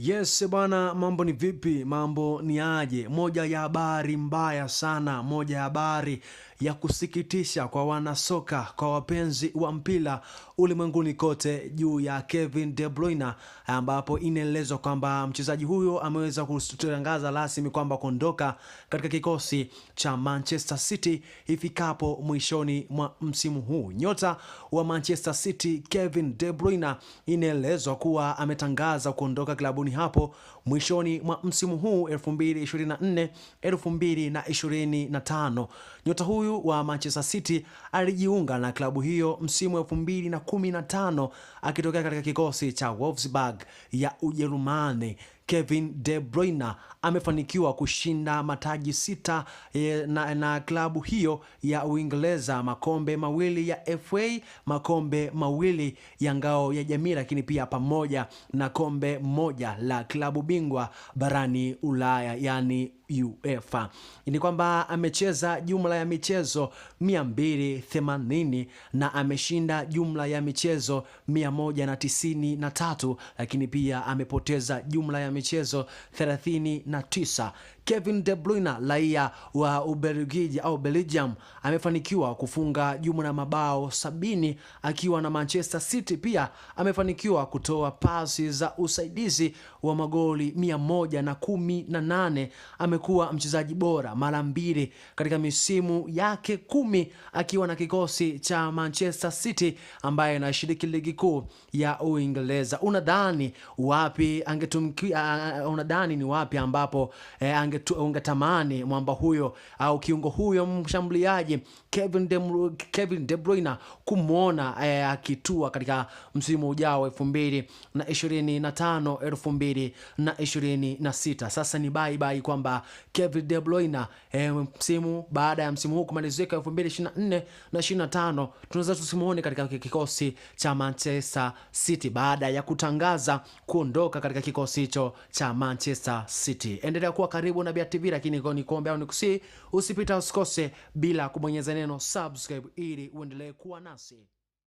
Yes bwana, mambo ni vipi? Mambo ni aje? Moja ya habari mbaya sana, moja ya habari ya kusikitisha kwa wanasoka, kwa wapenzi wa mpira ulimwenguni kote juu ya Kevin De Bruyne, ambapo inaelezwa kwamba mchezaji huyo ameweza kutangaza rasmi kwamba kuondoka katika kikosi cha Manchester City ifikapo mwishoni mwa msimu huu. Nyota wa Manchester City Kevin De Bruyne inaelezwa kuwa ametangaza kuondoka klabu kampuni hapo mwishoni mwa msimu huu 2024 2025. Nyota huyu wa Manchester City alijiunga na klabu hiyo msimu 2015 akitokea katika kikosi cha Wolfsburg ya Ujerumani. Kevin De Bruyne amefanikiwa kushinda mataji sita eh, na, na klabu hiyo ya Uingereza, makombe mawili ya FA, makombe mawili ya ngao ya jamii, lakini pia pamoja na kombe moja la klabu bingwa barani Ulaya yani UEFA ni kwamba amecheza jumla ya michezo 280 na ameshinda jumla ya michezo 193, lakini pia amepoteza jumla ya michezo 39 Kevin De Bruyne raia wa Ubelgiji au Belgium amefanikiwa kufunga jumla ya mabao sabini akiwa na Manchester City. Pia amefanikiwa kutoa pasi za usaidizi wa magoli mia moja na kumi na nane. Amekuwa mchezaji bora mara mbili katika misimu yake kumi akiwa na kikosi cha Manchester City ambaye anashiriki ligi kuu ya Uingereza. Unadhani wapi angetumkia? Unadhani ni wapi ambapo eh, ange ungetamani mwamba huyo au kiungo huyo mshambuliaji Kevin De, Kevin De Bruyne kumwona eh, akitua katika msimu ujao 2025 na na na na Sasa ni baibai bye kwamba Kevin De Bruyne eh, msimu baada ya msimu huu kumalizika 2024 na 25 tunaweza tusimuone katika kikosi cha Manchester City baada ya kutangaza kuondoka katika kikosi hicho cha Manchester City. Endelea kuwa karibu na Bona TV, lakini ni kuombea au nikusii usipita usikose bila kubonyeza neno subscribe ili uendelee kuwa nasi.